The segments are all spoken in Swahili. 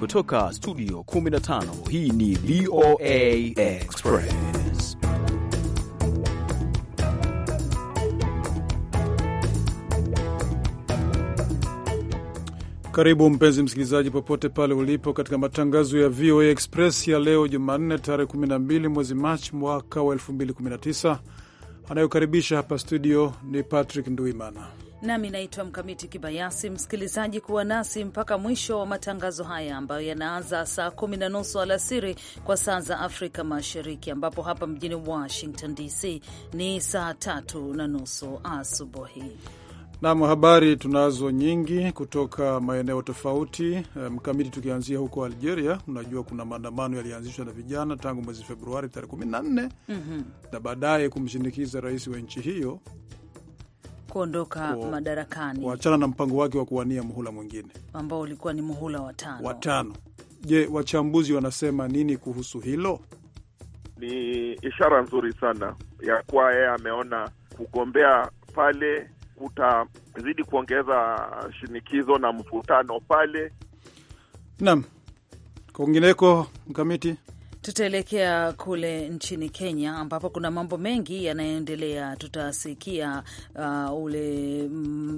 kutoka studio 15 hii ni VOA Express. Karibu mpenzi msikilizaji, popote pale ulipo katika matangazo ya VOA Express ya leo Jumanne tarehe 12 mwezi Machi mwaka wa 2019. Anayokaribisha hapa studio ni Patrick Nduimana Nami naitwa Mkamiti Kibayasi. Msikilizaji, kuwa nasi mpaka mwisho wa matangazo haya ambayo yanaanza saa kumi na nusu alasiri kwa saa za Afrika Mashariki, ambapo hapa mjini Washington DC ni saa tatu na nusu asubuhi. Nam, habari tunazo nyingi kutoka maeneo tofauti. Eh, Mkamiti, tukianzia huko Algeria, unajua kuna maandamano yalianzishwa na vijana tangu mwezi Februari tarehe 14 na mm -hmm. baadaye kumshinikiza rais wa nchi hiyo kuondoka madarakani, kuachana na mpango wake wa kuwania muhula mwingine ambao ulikuwa ni muhula watano watano. Je, wachambuzi wanasema nini kuhusu hilo? Ni ishara nzuri sana ya kuwa yeye ameona kugombea pale kutazidi kuongeza shinikizo na mvutano pale. Naam, kwingineko mkamiti Tutaelekea kule nchini Kenya ambapo kuna mambo mengi yanayoendelea. Tutasikia uh, ule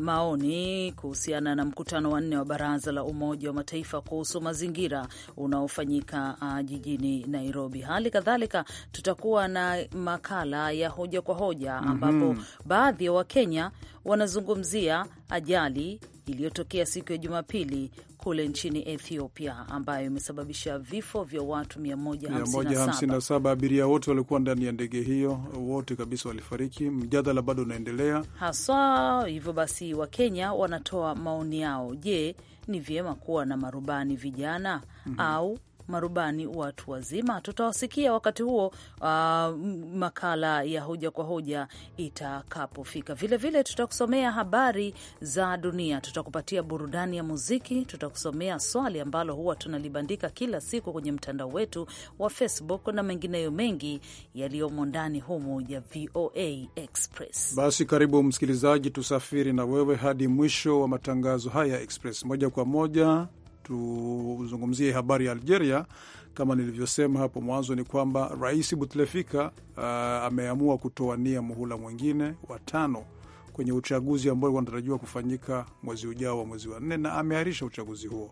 maoni kuhusiana na mkutano wa nne wa baraza la Umoja wa Mataifa kuhusu mazingira unaofanyika uh, jijini Nairobi. Hali kadhalika tutakuwa na makala ya hoja kwa hoja ambapo mm -hmm. baadhi ya Wakenya wanazungumzia ajali iliyotokea siku ya Jumapili kule nchini Ethiopia, ambayo imesababisha vifo vya watu 157. Abiria wote walikuwa ndani ya ndege hiyo, wote kabisa walifariki. Mjadala bado unaendelea haswa. Hivyo basi, Wakenya wanatoa maoni yao. Je, ni vyema kuwa na marubani vijana mm -hmm. au marubani watu wazima. Tutawasikia wakati huo, uh, makala ya hoja kwa hoja itakapofika. Vilevile tutakusomea habari za dunia, tutakupatia burudani ya muziki, tutakusomea swali ambalo huwa tunalibandika kila siku kwenye mtandao wetu wa Facebook na mengineyo mengi yaliyomo ndani humu ya VOA Express. Basi karibu msikilizaji, tusafiri na wewe hadi mwisho wa matangazo haya Express moja kwa moja tuzungumzie habari ya Algeria. Kama nilivyosema hapo mwanzo, ni kwamba Rais Butlefika uh, ameamua kutoania muhula mwingine wa tano kwenye uchaguzi ambao unatarajiwa kufanyika mwezi ujao wa mwezi wa nne, na ameahirisha uchaguzi huo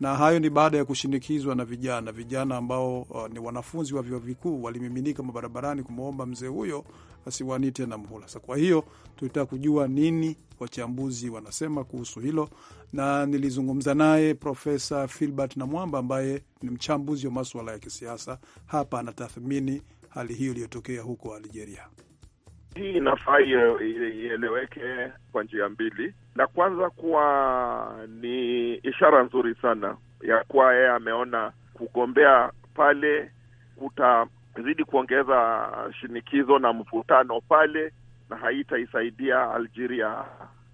na hayo ni baada ya kushinikizwa na vijana vijana ambao uh, ni wanafunzi wa vyuo vikuu walimiminika mabarabarani kumwomba mzee huyo asiwanii tena mhula. Sa kwa hiyo tulitaka kujua nini wachambuzi wanasema kuhusu hilo, na nilizungumza naye Profesa Filbert Namwamba ambaye ni mchambuzi wa maswala ya kisiasa hapa, anatathmini hali hiyo iliyotokea huko Algeria. Hii inafaa ieleweke kwa njia mbili. La kwanza kuwa ni ishara nzuri sana ya kuwa yeye ameona kugombea pale kutazidi kuongeza shinikizo na mvutano pale, na haitaisaidia Algeria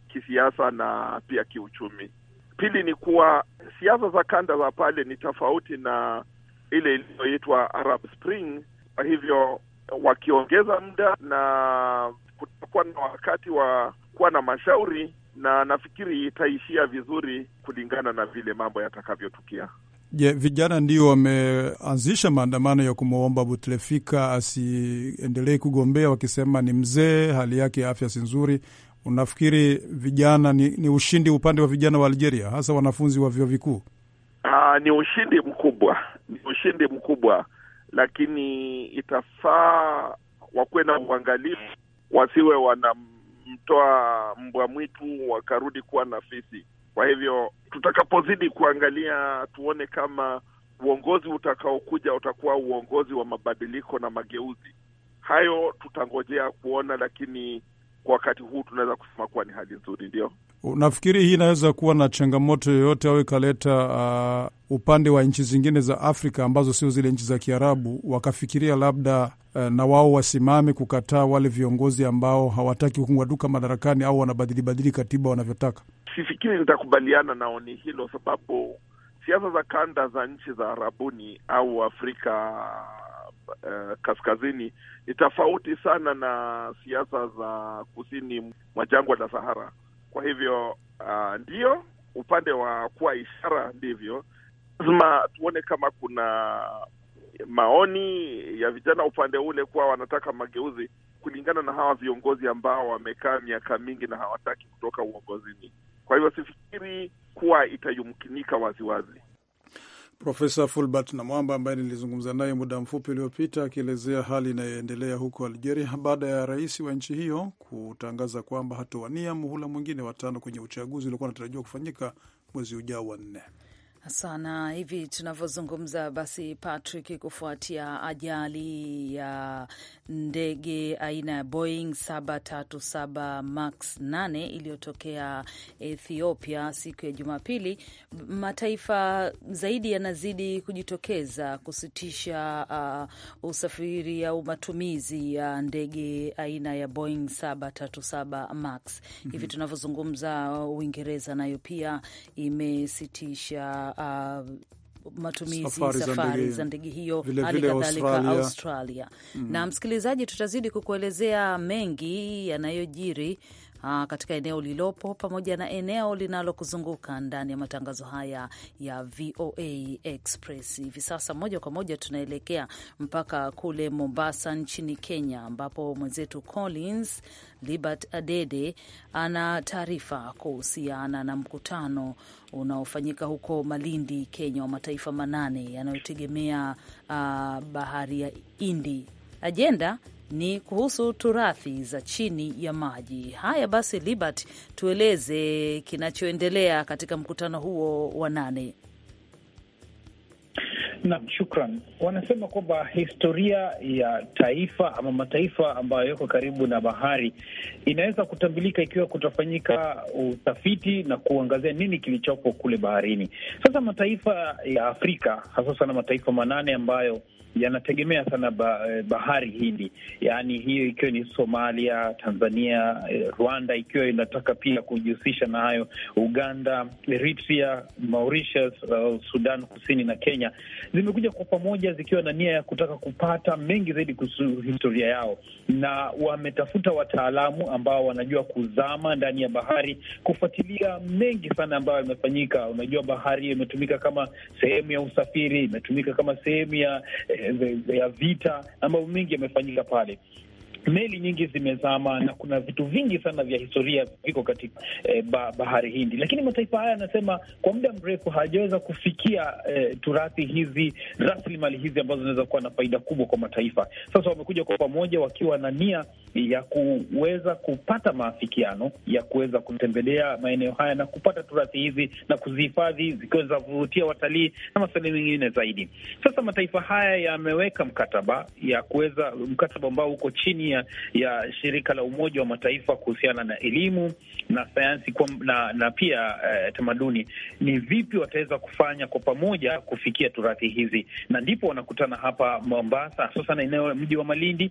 kisiasa na pia kiuchumi. Pili ni kuwa siasa za kanda za pale ni tofauti na ile iliyoitwa Arab Spring, kwa hivyo wakiongeza muda na kutakuwa na wakati wa kuwa na mashauri, na nafikiri itaishia vizuri kulingana na vile mambo yatakavyotukia. Je, yeah, vijana ndio wameanzisha maandamano ya kumwomba Butlefika asiendelee kugombea, wakisema ni mzee, hali yake ya afya si nzuri. Unafikiri vijana ni, ni ushindi upande wa vijana wa Algeria, hasa wanafunzi wa vyuo vikuu? Ah, ni ushindi mkubwa, ni ushindi mkubwa lakini itafaa wakuwe na uangalifu, wasiwe wanamtoa mbwa mwitu wakarudi kuwa na fisi. Kwa hivyo tutakapozidi kuangalia, tuone kama uongozi utakaokuja utakuwa uongozi wa mabadiliko na mageuzi. Hayo tutangojea kuona, lakini kwa wakati huu tunaweza kusema kuwa ni hali nzuri. Ndio, nafikiri hii inaweza kuwa na changamoto yoyote au ikaleta uh, upande wa nchi zingine za Afrika ambazo sio zile nchi za Kiarabu, wakafikiria labda uh, na wao wasimame kukataa wale viongozi ambao hawataki kung'atuka madarakani au wanabadilibadili katiba wanavyotaka? Sifikiri nitakubaliana na oni hilo, sababu siasa za kanda za nchi za Arabuni au Afrika Eh, kaskazini ni tofauti sana na siasa za kusini mwa jangwa la Sahara. Kwa hivyo uh, ndio upande wa kuwa ishara, ndivyo lazima tuone kama kuna maoni ya vijana upande ule kuwa wanataka mageuzi kulingana na hawa viongozi ambao wamekaa miaka mingi na hawataki kutoka uongozini. Kwa hivyo sifikiri kuwa itayumkinika waziwazi. Profesa Fulbert Namwamba ambaye nilizungumza naye muda mfupi uliopita akielezea hali inayoendelea huko Algeria baada ya rais wa nchi hiyo kutangaza kwamba hatowania muhula mwingine watano kwenye uchaguzi uliokuwa unatarajiwa kufanyika mwezi ujao wa nne sana hivi tunavyozungumza, basi Patrick, kufuatia ajali ya ndege aina ya Boeing 737 Max 8 iliyotokea Ethiopia siku ya Jumapili, mataifa zaidi yanazidi kujitokeza kusitisha uh, usafiri au matumizi ya ndege aina ya Boeing 737 Max. Hivi mhm. tunavyozungumza, Uingereza nayo pia imesitisha uh, matumizi safari, safari za ndege hiyo, hali kadhalika Australia, Australia. Mm. Na msikilizaji, tutazidi kukuelezea mengi yanayojiri aa, katika eneo lilopo pamoja na eneo linalokuzunguka ndani ya matangazo haya ya VOA Express. Hivi sasa moja kwa moja tunaelekea mpaka kule Mombasa nchini Kenya, ambapo mwenzetu Collins Libert Adede ana taarifa kuhusiana na mkutano unaofanyika huko Malindi, Kenya, wa mataifa manane yanayotegemea ah, bahari ya Hindi. Ajenda ni kuhusu turathi za chini ya maji. Haya basi, Libert, tueleze kinachoendelea katika mkutano huo wa nane. Nam, shukran. Wanasema kwamba historia ya taifa ama mataifa ambayo yako karibu na bahari inaweza kutambulika ikiwa kutafanyika utafiti na kuangazia nini kilichopo kule baharini. Sasa mataifa ya Afrika hasa sana mataifa manane ambayo yanategemea sana eh, bahari Hindi, yaani hiyo ikiwa ni Somalia, Tanzania, eh, Rwanda ikiwa inataka pia kujihusisha na hayo, Uganda, Eritrea, Mauritius, uh, Sudan Kusini na Kenya zimekuja kwa pamoja zikiwa na nia ya kutaka kupata mengi zaidi kuhusu historia yao, na wametafuta wataalamu ambao wanajua kuzama ndani ya bahari kufuatilia mengi sana ambayo yamefanyika. Unajua, bahari imetumika kama sehemu ya usafiri, imetumika kama sehemu ya eh, Eh, ya vita na mambo mengi yamefanyika pale meli nyingi zimezama na kuna vitu vingi sana vya historia viko katika eh, bahari Hindi, lakini mataifa haya yanasema kwa muda mrefu hajaweza kufikia eh, turathi hizi, rasilimali hizi ambazo zinaweza kuwa na faida kubwa kwa mataifa. Sasa wamekuja kwa pamoja wakiwa na nia ya kuweza kupata maafikiano ya kuweza kutembelea maeneo haya na kupata turathi hizi na kuzihifadhi, zikiweza kuvutia watalii na maswali mengine zaidi. Sasa mataifa haya yameweka mkataba ya kuweza mkataba ambao uko chini Tanzania ya shirika la Umoja wa Mataifa kuhusiana na elimu na sayansi na, na pia eh, tamaduni, ni vipi wataweza kufanya kwa pamoja kufikia turathi hizi, na ndipo wanakutana hapa Mombasa, hususan eneo mji wa Malindi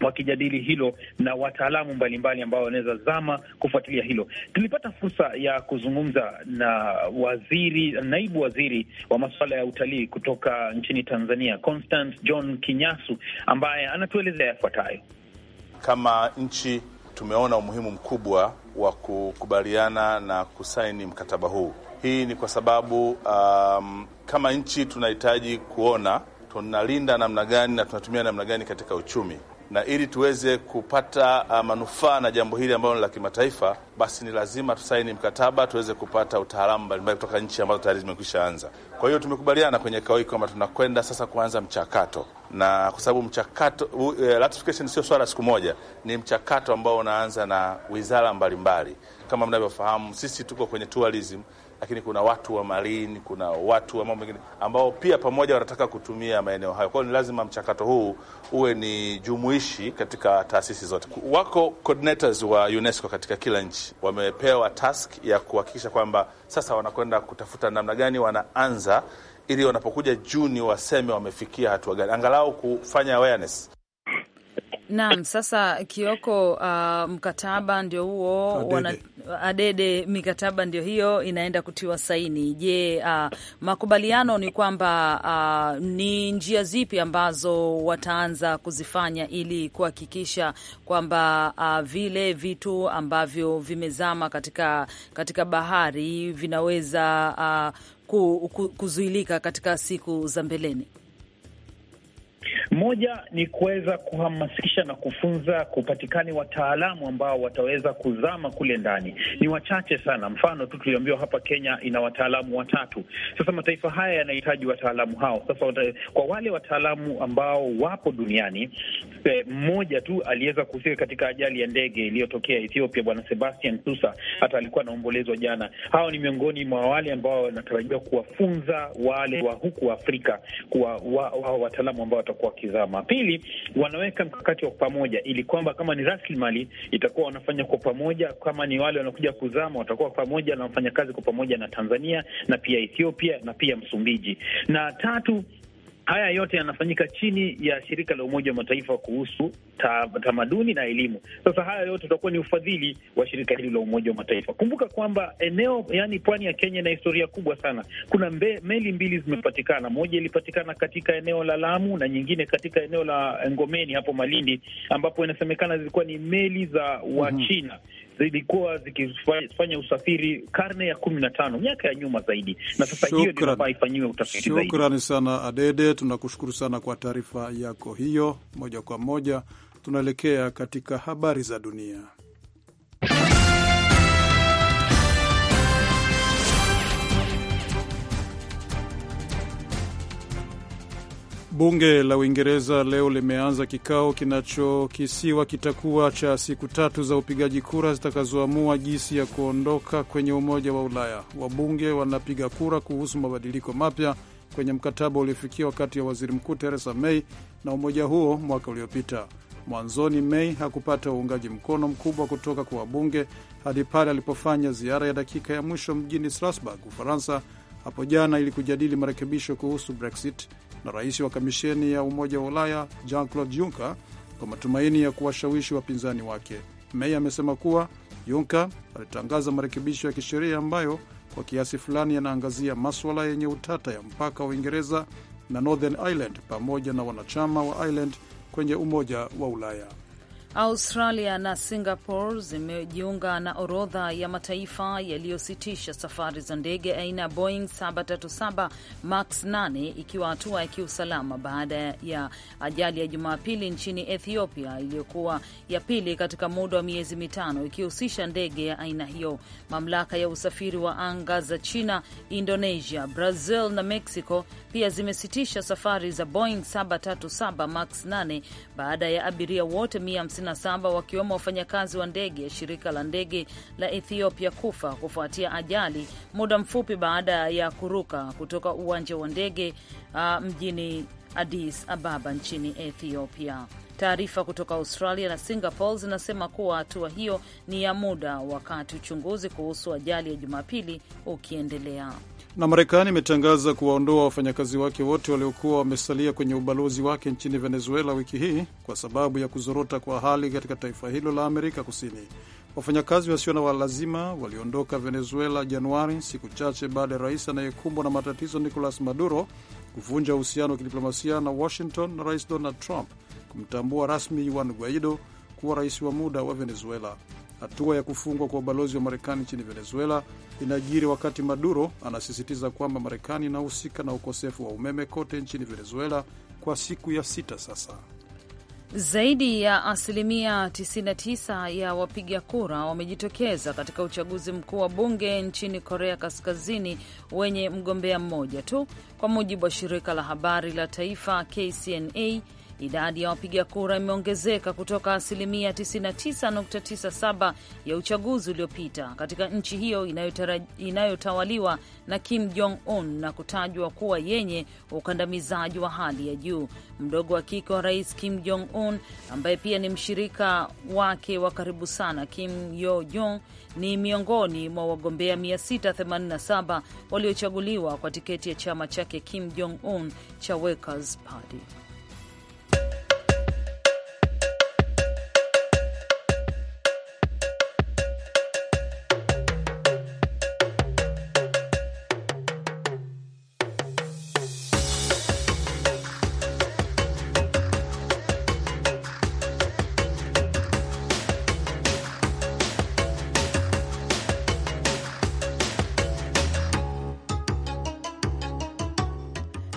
wakijadili hilo na wataalamu mbalimbali ambao wanaweza zama kufuatilia hilo. Tulipata fursa ya kuzungumza na waziri, naibu waziri wa masuala ya utalii kutoka nchini Tanzania, Constant John Kinyasu, ambaye anatuelezea yafuatayo. Kama nchi tumeona umuhimu mkubwa wa kukubaliana na kusaini mkataba huu. Hii ni kwa sababu um, kama nchi tunahitaji kuona tunalinda namna gani na tunatumia namna gani katika uchumi, na ili tuweze kupata uh, manufaa na jambo hili ambalo ni la kimataifa, basi ni lazima tusaini mkataba, tuweze kupata utaalamu mbalimbali kutoka nchi ambazo tayari zimekwisha anza. Kwa hiyo tumekubaliana kwenye kao kwamba tunakwenda sasa kuanza mchakato na kwa sababu mchakato e, ratification sio swala siku moja, ni mchakato ambao unaanza na wizara mbalimbali. Kama mnavyofahamu, sisi tuko kwenye tourism, lakini kuna watu wa marini, kuna watu wa mambo mengine ambao pia pamoja wanataka kutumia maeneo hayo. Kwa hiyo ni lazima mchakato huu uwe ni jumuishi katika taasisi zote. Wako coordinators wa UNESCO katika kila nchi, wamepewa task ya kuhakikisha kwamba sasa wanakwenda kutafuta namna gani wanaanza ili wanapokuja Juni waseme wamefikia hatua gani, angalau kufanya awareness. Naam, sasa Kioko, uh, mkataba ndio huo adede. Wana, adede mikataba ndio hiyo inaenda kutiwa saini. Je, uh, makubaliano ni kwamba uh, ni njia zipi ambazo wataanza kuzifanya ili kuhakikisha kwamba uh, vile vitu ambavyo vimezama katika, katika bahari vinaweza uh, kuzuilika katika siku za mbeleni? Moja ni kuweza kuhamasisha na kufunza, kupatikane wataalamu ambao wataweza kuzama kule ndani. Ni wachache sana, mfano tu tuliambiwa hapa Kenya ina wataalamu watatu. Sasa mataifa haya yanahitaji wataalamu hao. Sasa kwa wale wataalamu ambao wapo duniani, eh, mmoja tu aliweza kuhusika katika ajali ya ndege iliyotokea Ethiopia, Bwana Sebastian Tusa, hata alikuwa anaombolezwa jana. Hao ni miongoni mwa wale ambao wanatarajiwa kuwafunza wale wa huku Afrika, kuwa wataalamu ambao watakuwa wakizama. Pili, wanaweka mkakati wa pamoja, ili kwamba kama ni rasilimali itakuwa wanafanya kwa pamoja, kama ni wale wanakuja kuzama watakuwa pamoja na wafanyakazi kwa pamoja na Tanzania na pia Ethiopia na pia Msumbiji. Na tatu Haya yote yanafanyika chini ya shirika la Umoja wa Mataifa kuhusu ta, tamaduni na elimu. Sasa haya yote utakuwa ni ufadhili wa shirika hili la Umoja wa Mataifa. Kumbuka kwamba eneo, yani pwani ya Kenya ina historia kubwa sana. Kuna mbe, meli mbili zimepatikana, moja ilipatikana katika eneo la Lamu na nyingine katika eneo la Ngomeni hapo Malindi, ambapo inasemekana zilikuwa ni meli za Wachina mhm. mm -hmm zilikuwa zikifanya usafiri karne ya kumi na tano, miaka ya nyuma zaidi, na sasa hiyo ndio inafaa ifanyiwe utafiti zaidi. Shukrani sana Adede, tunakushukuru sana kwa taarifa yako hiyo. Moja kwa moja tunaelekea katika habari za dunia. Bunge la Uingereza leo limeanza kikao kinachokisiwa kitakuwa cha siku tatu za upigaji kura zitakazoamua jinsi ya kuondoka kwenye Umoja wa Ulaya. Wabunge wanapiga kura kuhusu mabadiliko mapya kwenye mkataba uliofikiwa kati ya waziri mkuu Theresa May na umoja huo mwaka uliopita. Mwanzoni, May hakupata uungaji mkono mkubwa kutoka kwa wabunge hadi pale alipofanya ziara ya dakika ya mwisho mjini Strasbourg, Ufaransa hapo jana ili kujadili marekebisho kuhusu Brexit na rais wa kamisheni ya Umoja wa Ulaya Jean Claude Juncker kwa matumaini ya kuwashawishi wapinzani wake. Mei amesema kuwa Juncker alitangaza marekebisho ya kisheria ambayo kwa kiasi fulani yanaangazia maswala yenye utata ya mpaka wa Uingereza na Northern Ireland pamoja na wanachama wa Ireland kwenye Umoja wa Ulaya. Australia na Singapore zimejiunga na orodha ya mataifa yaliyositisha safari za ndege aina ya Boeing 737 Max 8 ikiwa hatua ya kiusalama baada ya ajali ya Jumapili nchini Ethiopia iliyokuwa ya pili katika muda wa miezi mitano ikihusisha ndege ya aina hiyo. Mamlaka ya usafiri wa anga za China, Indonesia, Brazil na Mexico pia zimesitisha safari za Boeing 737 Max 8 baada ya abiria wote 157 wakiwemo wafanyakazi wa ndege shirika la ndege la Ethiopia kufa kufuatia ajali muda mfupi baada ya kuruka kutoka uwanja wa ndege uh, mjini Addis Ababa nchini Ethiopia. Taarifa kutoka Australia na Singapore zinasema kuwa hatua hiyo ni ya muda, wakati uchunguzi kuhusu ajali ya Jumapili ukiendelea. Na Marekani imetangaza kuwaondoa wafanyakazi wake wote waliokuwa wamesalia kwenye ubalozi wake nchini Venezuela wiki hii kwa sababu ya kuzorota kwa hali katika taifa hilo la Amerika Kusini. Wafanyakazi wasio na walazima waliondoka Venezuela Januari, siku chache baada ya rais anayekumbwa na matatizo Nicolas Maduro kuvunja uhusiano wa kidiplomasia na Washington na rais Donald Trump kumtambua rasmi Juan Guaido kuwa rais wa muda wa Venezuela. Hatua ya kufungwa kwa ubalozi wa Marekani nchini Venezuela inajiri wakati Maduro anasisitiza kwamba Marekani inahusika na ukosefu wa umeme kote nchini Venezuela kwa siku ya sita sasa. Zaidi ya asilimia 99 ya wapiga kura wamejitokeza katika uchaguzi mkuu wa bunge nchini Korea Kaskazini wenye mgombea mmoja tu, kwa mujibu wa shirika la habari la taifa KCNA Idadi ya wapiga kura imeongezeka kutoka asilimia 99.97 ya uchaguzi uliopita katika nchi hiyo inayotawaliwa na Kim Jong Un na kutajwa kuwa yenye ukandamizaji wa hali ya juu. Mdogo wa kike wa rais Kim Jong Un ambaye pia ni mshirika wake wa karibu sana Kim Yo Jong ni miongoni mwa wagombea 687 waliochaguliwa kwa tiketi ya chama chake Kim Jong Un cha Workers Party.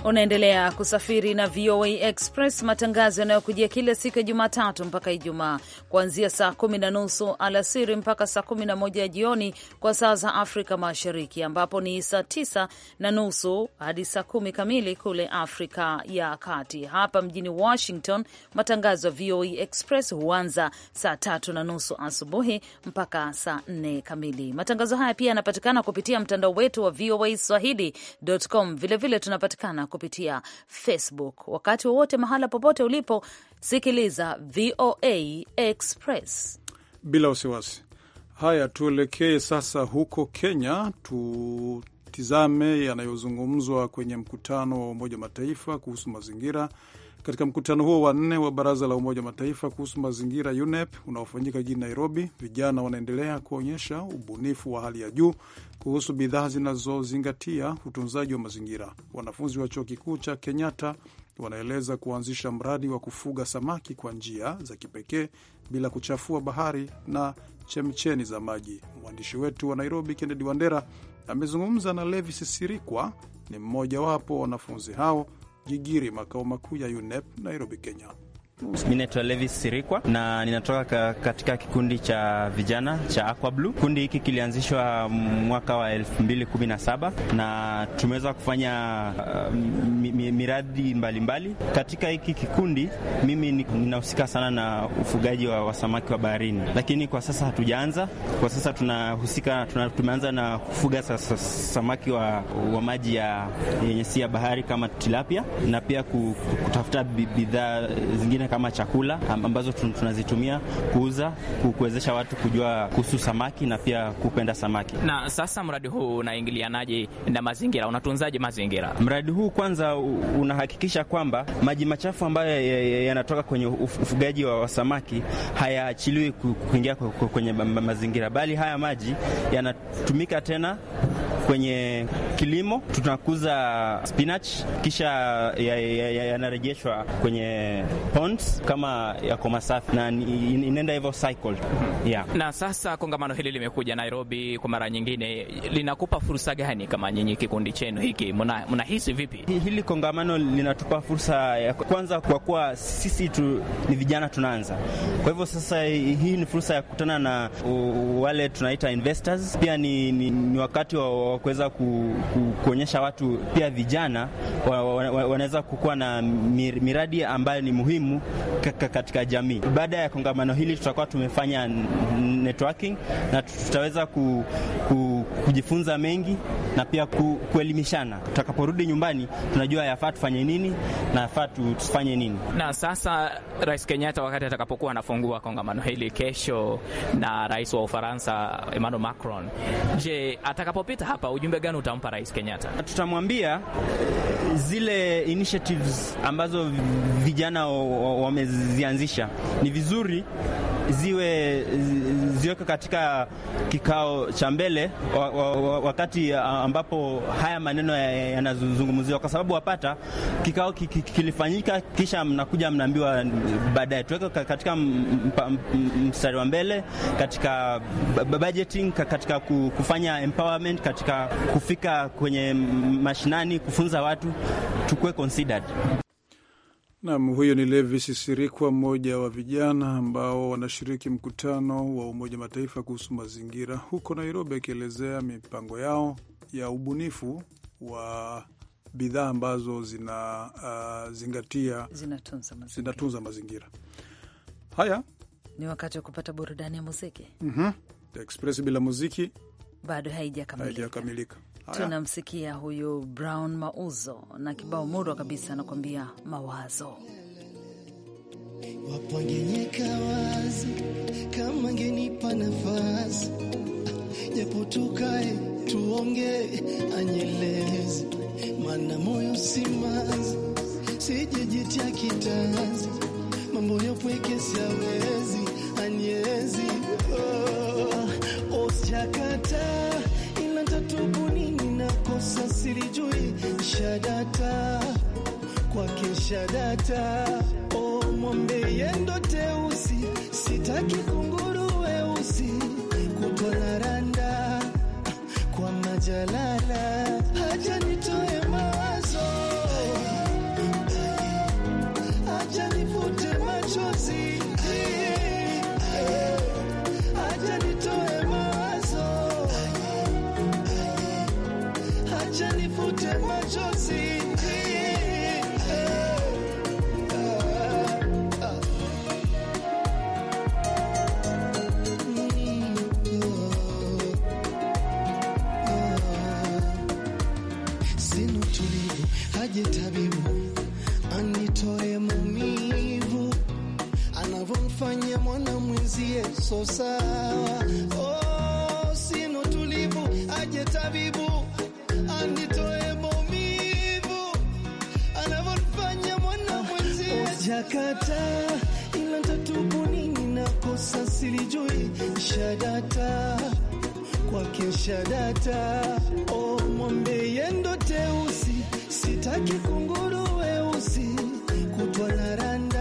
Unaendelea kusafiri na VOA Express, matangazo yanayokujia kila siku ya Jumatatu mpaka Ijumaa, kuanzia saa kumi na nusu alasiri mpaka saa kumi na moja jioni kwa saa za Afrika Mashariki, ambapo ni saa tisa na nusu hadi saa kumi kamili kule Afrika ya Kati. Hapa mjini Washington, matangazo ya VOA Express huanza saa tatu na nusu asubuhi mpaka saa nne kamili. Matangazo haya pia yanapatikana kupitia mtandao wetu wa VOA Swahili.com. Vilevile tunapatikana kupitia Facebook. Wakati wowote, mahala popote ulipo, sikiliza VOA Express bila wasiwasi. Haya, tuelekee sasa huko Kenya tutizame yanayozungumzwa kwenye mkutano wa Umoja Mataifa kuhusu mazingira katika mkutano huo wa nne wa baraza la Umoja wa Mataifa kuhusu mazingira UNEP unaofanyika jijini Nairobi, vijana wanaendelea kuonyesha ubunifu wa hali ya juu kuhusu bidhaa zinazozingatia utunzaji wa mazingira. Wanafunzi wa chuo kikuu cha Kenyatta wanaeleza kuanzisha mradi wa kufuga samaki kwa njia za kipekee bila kuchafua bahari na chemcheni za maji. Mwandishi wetu wa Nairobi, Kennedy Wandera, amezungumza na Levi Sisirikwa, ni mmojawapo wanafunzi hao Gigiri, makao makuu ya UNEP Nairobi, Kenya. Mi naitwa Levis Sirikwa na ninatoka katika kikundi cha vijana cha Aqua Blue. Kikundi hiki kilianzishwa mwaka wa 2017 na tumeweza kufanya uh, miradi mbalimbali mbali. Katika hiki kikundi mimi ninahusika sana na ufugaji wa, wa samaki wa baharini, lakini kwa sasa hatujaanza. Kwa sasa tunahusika tuna, tumeanza na kufuga sasa samaki wa, wa maji yenye si ya bahari kama tilapia na pia kutafuta bidhaa zingine kama chakula ambazo tunazitumia kuuza, kuwezesha watu kujua kuhusu samaki na pia kupenda samaki. Na sasa mradi huu unaingilianaje na mazingira? Unatunzaje mazingira? Mradi huu kwanza unahakikisha kwamba maji machafu ambayo yanatoka kwenye ufugaji wa samaki hayaachiliwi kuingia kwenye mazingira, bali haya maji yanatumika tena kwenye kilimo tunakuza spinach kisha yanarejeshwa ya, ya, ya kwenye ponds kama yako masafi na inaenda hivyo cycle. Mhm. Yeah. Na sasa kongamano hili limekuja Nairobi kwa mara nyingine, linakupa fursa gani kama nyinyi kikundi chenu hiki mnahisi vipi? Hili kongamano linatupa fursa ya kwanza, kwa kuwa sisi tu, ni vijana tunaanza, kwa hivyo sasa hii ni fursa ya kukutana na wale tunaita investors, pia ni, ni, ni wakati wa kwa kuweza kuonyesha watu pia vijana wanaweza kukuwa na miradi ambayo ni muhimu katika jamii. Baada ya kongamano hili, tutakuwa tumefanya networking na tutaweza ku, ku, kujifunza mengi na pia ku, kuelimishana. Tutakaporudi nyumbani, tunajua yafaa tufanye nini na yafaa tufanye nini. Na sasa Rais Kenyatta wakati atakapokuwa anafungua kongamano hili kesho na rais wa Ufaransa Emmanuel Macron, je, atakapopita hapa hapa, ujumbe gani utampa Rais Kenyatta? Tutamwambia zile initiatives ambazo vijana wamezianzisha ni vizuri ziwe kuziweka katika kikao cha mbele wakati ambapo haya maneno yanazungumziwa, kwa sababu wapata kikao kilifanyika, kisha mnakuja mnaambiwa baadaye. Tuweke katika mstari wa mbele katika budgeting, katika kufanya empowerment, katika kufika kwenye mashinani, kufunza watu, tukuwe considered. Nam, huyo ni levis Sirikwa, mmoja wa vijana ambao wanashiriki mkutano wa Umoja Mataifa kuhusu mazingira huko Nairobi, akielezea mipango yao ya ubunifu wa bidhaa ambazo zinazingatia uh, zinatunza mazingira, zinatunza mazingira. Haya, ni wakati wa kupata burudani ya muziki. mm -hmm. Express bila muziki bado haijakamilika. Tunamsikia huyu Brown Mauzo na kibao murwa kabisa, anakuambia mawazo angenyeka wazi kama ngenipa nafasi japo tukae tuonge anyelezi mana moyo simazi sijejitia kitazi mambo yopweke siawezi anyezi oh, oh, oh data kesha data o mwombe yendo teusi sitaki kunguru weusi randa kwa majalala so sawa, oh, sina utulivu, aje tabibu anitoe maumivu anavyofanya mwana mwenzie. Jakata ila tatubu nini na silijui, shadata kwake shadata, oh, mwambe yendo teusi, sitaki kunguru weusi kutwa na rani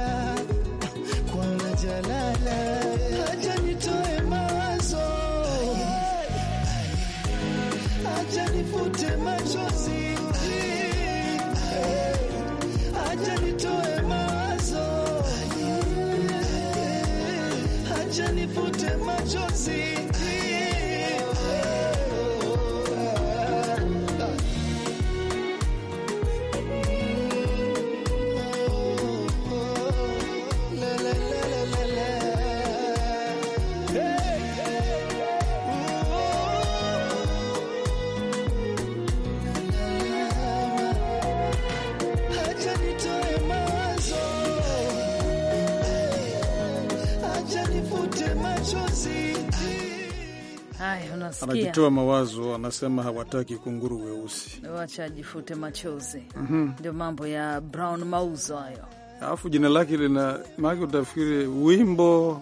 anajitoa mawazo, anasema hawataki kunguru weusi, wacha ajifute machozi. Mhm. Ndio mm -hmm. mambo ya Brown mauzo hayo, alafu jina lake lina maake, utafikiri wimbo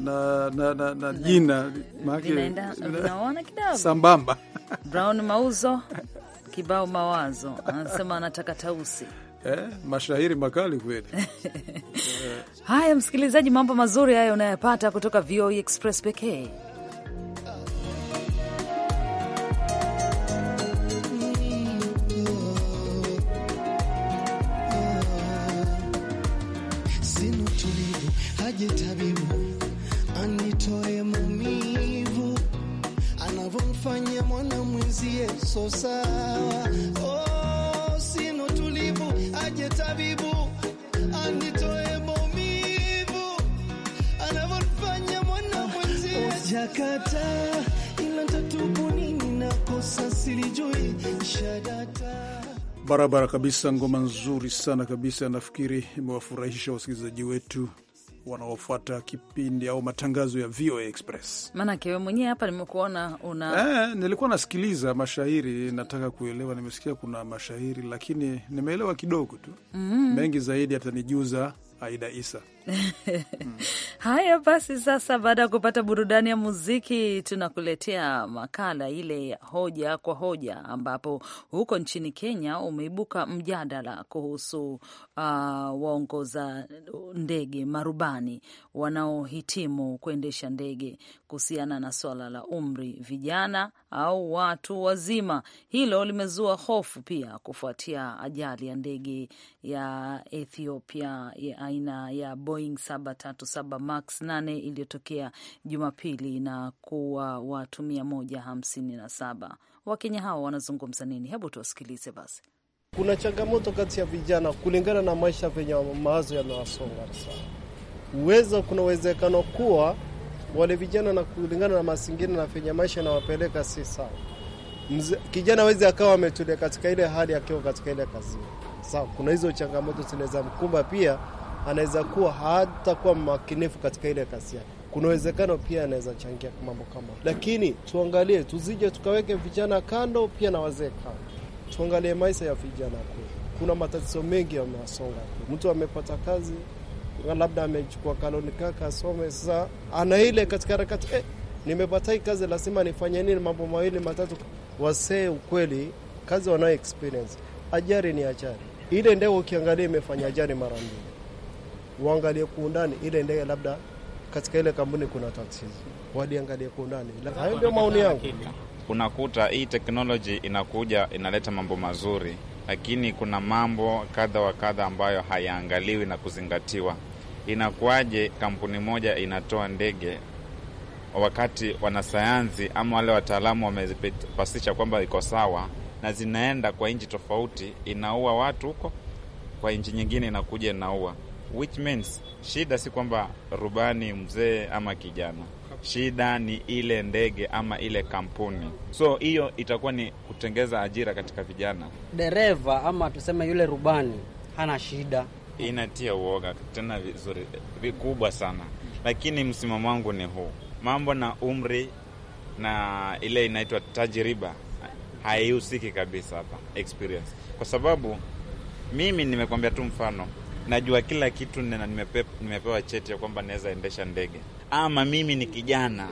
na, na, na, na jina maake sambamba Brown mauzo kibao mawazo, anasema anataka tausi Eh, mashahiri makali kweli eh. Haya msikilizaji, mambo mazuri hayo unayapata kutoka VOA e Express pekee. Aje tabibu anitoe maumivu mwana mwenzie, so sawa. Oh, sina Aje tabibu anitoe maumivu mwana mwenzie, ila tatubu nini nakosa silijui shadata barabara kabisa, ngoma nzuri sana kabisa. Nafikiri imewafurahisha wasikilizaji wetu wanaofuata kipindi au matangazo ya VOA Express. Maanake we mwenyewe hapa nimekuona una... eh, nilikuwa nasikiliza mashairi, nataka kuelewa. Nimesikia kuna mashairi lakini nimeelewa kidogo tu mm -hmm. mengi zaidi atanijuza Aida Isa. Haya basi, sasa baada ya kupata burudani ya muziki, tunakuletea makala ile ya hoja kwa hoja, ambapo huko nchini Kenya umeibuka mjadala kuhusu uh, waongoza ndege marubani wanaohitimu kuendesha ndege kuhusiana na swala la umri, vijana au watu wazima. Hilo limezua hofu pia kufuatia ajali ya ndege ya Ethiopia ya aina ya Boeing 737 Max 8 iliyotokea Jumapili na kuwa watu 157. Wakenya hao wanazungumza nini? Hebu tuwasikilize basi. Kuna changamoto kati ya vijana kulingana na maisha venye mawazo yamewasonga sana. Uwezo, kuna uwezekano kuwa wale vijana na kulingana na mazingira na venye maisha yanawapeleka si sawa. Kijana wezi akawa ametulia katika ile hali akiwa katika ile kazi. Sawa, kuna hizo changamoto zinaweza mkumba pia anaweza kuwa hata kuwa makinifu katika ile kazi yake. Kuna uwezekano pia anaweza changia mambo kama, lakini tuangalie, tuzije tukaweke vijana kando, pia na wazee kando, tuangalie maisha ya vijana kuu. Kuna matatizo mengi yamewasonga, mtu amepata kazi labda amechukua kanuni kaka asome, sasa ana ile katika harakati eh, nimepata hii kazi, lazima nifanye nini? Mambo mawili matatu. Wasee ukweli, kazi wanayo experience, ajari ni ajari ile, ndio ukiangalia imefanya ajari mara mbili waangalie kwa undani ile ndege, labda katika ile kampuni kuna tatizo, waliangalie kwa undani. Hayo ndio maoni yangu. Unakuta hii teknoloji inakuja inaleta mambo mazuri, lakini kuna mambo kadha wa kadha ambayo hayaangaliwi na kuzingatiwa. Inakuwaje kampuni moja inatoa ndege wakati wanasayansi ama wale wataalamu wamezipasisha kwamba iko sawa na zinaenda kwa nchi tofauti, inaua watu huko, kwa nchi nyingine inakuja inaua which means shida si kwamba rubani mzee ama kijana, shida ni ile ndege ama ile kampuni. So hiyo itakuwa ni kutengeza ajira katika vijana. Dereva ama tuseme yule rubani hana shida, inatia uoga tena vizuri vikubwa sana, lakini msimamo wangu ni huu, mambo na umri na ile inaitwa tajriba haihusiki kabisa hapa experience, kwa sababu mimi nimekwambia tu mfano najua kila kitu na nimepe, nimepewa cheti ya kwamba naweza endesha ndege, ama mimi ni kijana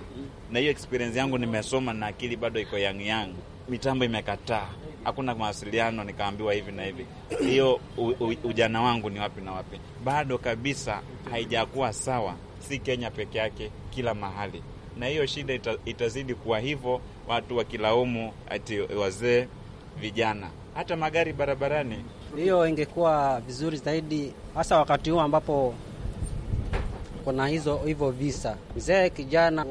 na hiyo experience yangu, nimesoma na akili bado iko yang yang, mitambo imekataa, hakuna mawasiliano, nikaambiwa hivi na hivi. Hiyo ujana wangu ni wapi na wapi? Bado kabisa haijakuwa sawa, si Kenya peke yake, kila mahali na hiyo shida ita, itazidi kuwa hivyo, watu wakilaumu ati wazee, vijana, hata magari barabarani hiyo ingekuwa vizuri zaidi, hasa wakati huu ambapo kuna hizo hivyo visa. Mzee kijana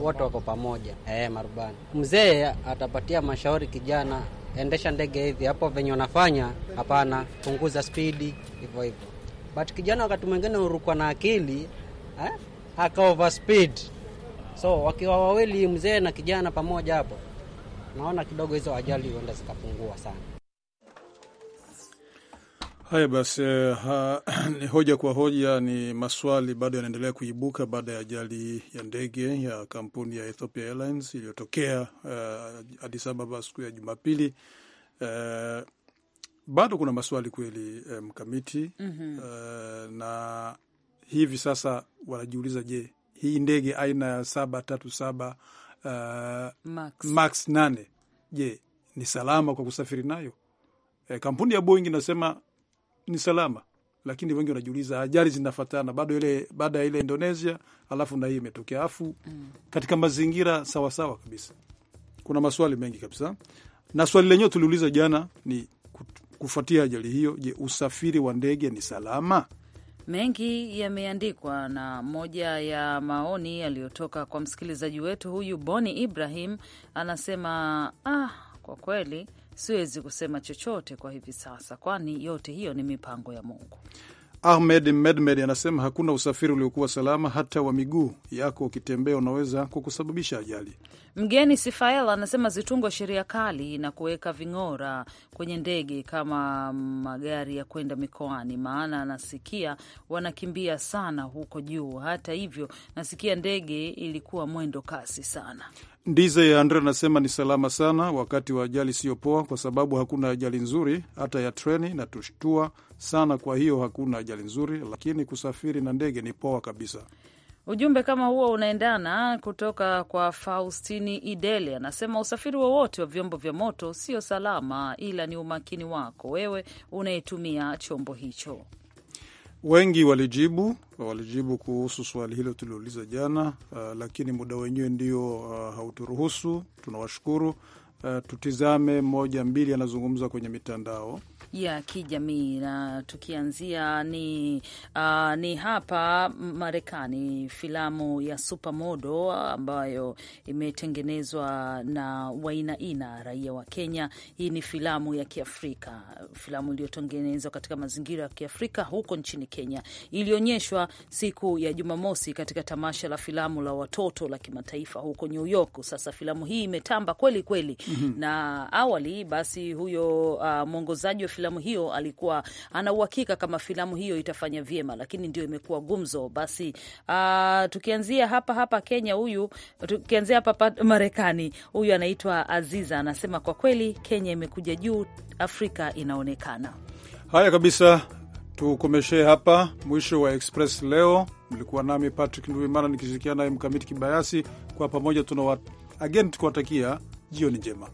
wote wako pamoja e, marubani. Mzee atapatia mashauri kijana, endesha ndege hivi, hapo venye unafanya hapana, punguza spidi, hivyo hivyo. But kijana wakati mwingine urukwa na akili eh, aka overspeed. So wakiwa wawili mzee na kijana pamoja hapo, naona kidogo hizo ajali huenda zikapungua sana. Haya basi, eh, ha, ni hoja kwa hoja. Ni maswali bado yanaendelea kuibuka baada ya ajali ya ndege ya kampuni ya Ethiopia Airlines iliyotokea uh, Addis Ababa siku ya Jumapili. Uh, bado kuna maswali kweli mkamiti, um, mm -hmm. uh, na hivi sasa wanajiuliza, je, hii ndege aina ya saba tatu saba max nane, je ni salama kwa kusafiri nayo? kampuni ya Boeing inasema ni salama, lakini wengi wanajiuliza ajali zinafatana bado ile baada ya ile Indonesia, alafu na hii imetokea afu mm. katika mazingira sawasawa kabisa. Kuna maswali mengi kabisa, na swali lenyewe tuliuliza jana ni kufuatia ajali hiyo, je, usafiri wa ndege ni salama? Mengi yameandikwa na moja ya maoni yaliyotoka kwa msikilizaji wetu huyu Boni Ibrahim anasema ah, kwa kweli siwezi kusema chochote kwa hivi sasa, kwani yote hiyo ni mipango ya Mungu. Ahmed Medmed anasema hakuna usafiri uliokuwa salama, hata wa miguu yako ukitembea unaweza kukusababisha ajali. Mgeni Sifael anasema zitungwa sheria kali na kuweka ving'ora kwenye ndege kama magari ya kwenda mikoani, maana anasikia wanakimbia sana huko juu. Hata hivyo, nasikia ndege ilikuwa mwendo kasi sana. Ndize ya Andre anasema ni salama sana wakati wa ajali isiyopoa kwa sababu hakuna ajali nzuri hata ya treni, na tushtua sana. Kwa hiyo hakuna ajali nzuri, lakini kusafiri na ndege ni poa kabisa. Ujumbe kama huo unaendana kutoka kwa Faustini Idele, anasema usafiri wowote wa, wa vyombo vya moto sio salama, ila ni umakini wako wewe unayetumia chombo hicho. Wengi walijibu walijibu kuhusu swali hilo tuliouliza jana, uh, lakini muda wenyewe ndio uh, hauturuhusu. Tunawashukuru Uh, tutizame moja mbili anazungumza kwenye mitandao ya kijamii na tukianzia ni, uh, ni hapa Marekani, filamu ya Supermodo ambayo imetengenezwa na Wainaina, raia wa Kenya. Hii ni filamu ya Kiafrika, filamu iliyotengenezwa katika mazingira ya Kiafrika huko nchini Kenya. Ilionyeshwa siku ya Jumamosi katika tamasha la filamu la watoto la kimataifa huko New York. Sasa filamu hii imetamba kweli kweli Mm-hmm. na awali basi huyo uh, mwongozaji wa filamu hiyo alikuwa ana uhakika kama filamu hiyo itafanya vyema, lakini ndio imekuwa gumzo. Basi uh, tukianzia hapa hapa Kenya, huyu tukianzia hapa hapa Marekani, huyu anaitwa Aziza, anasema kwa kweli Kenya imekuja juu, Afrika inaonekana. Haya kabisa, tukomeshee hapa mwisho wa Express leo. Mlikuwa nami Patrick Nduimana nikishirikiana naye Mkamiti Kibayasi, kwa pamoja tuna again tukiwatakia Jioni njema.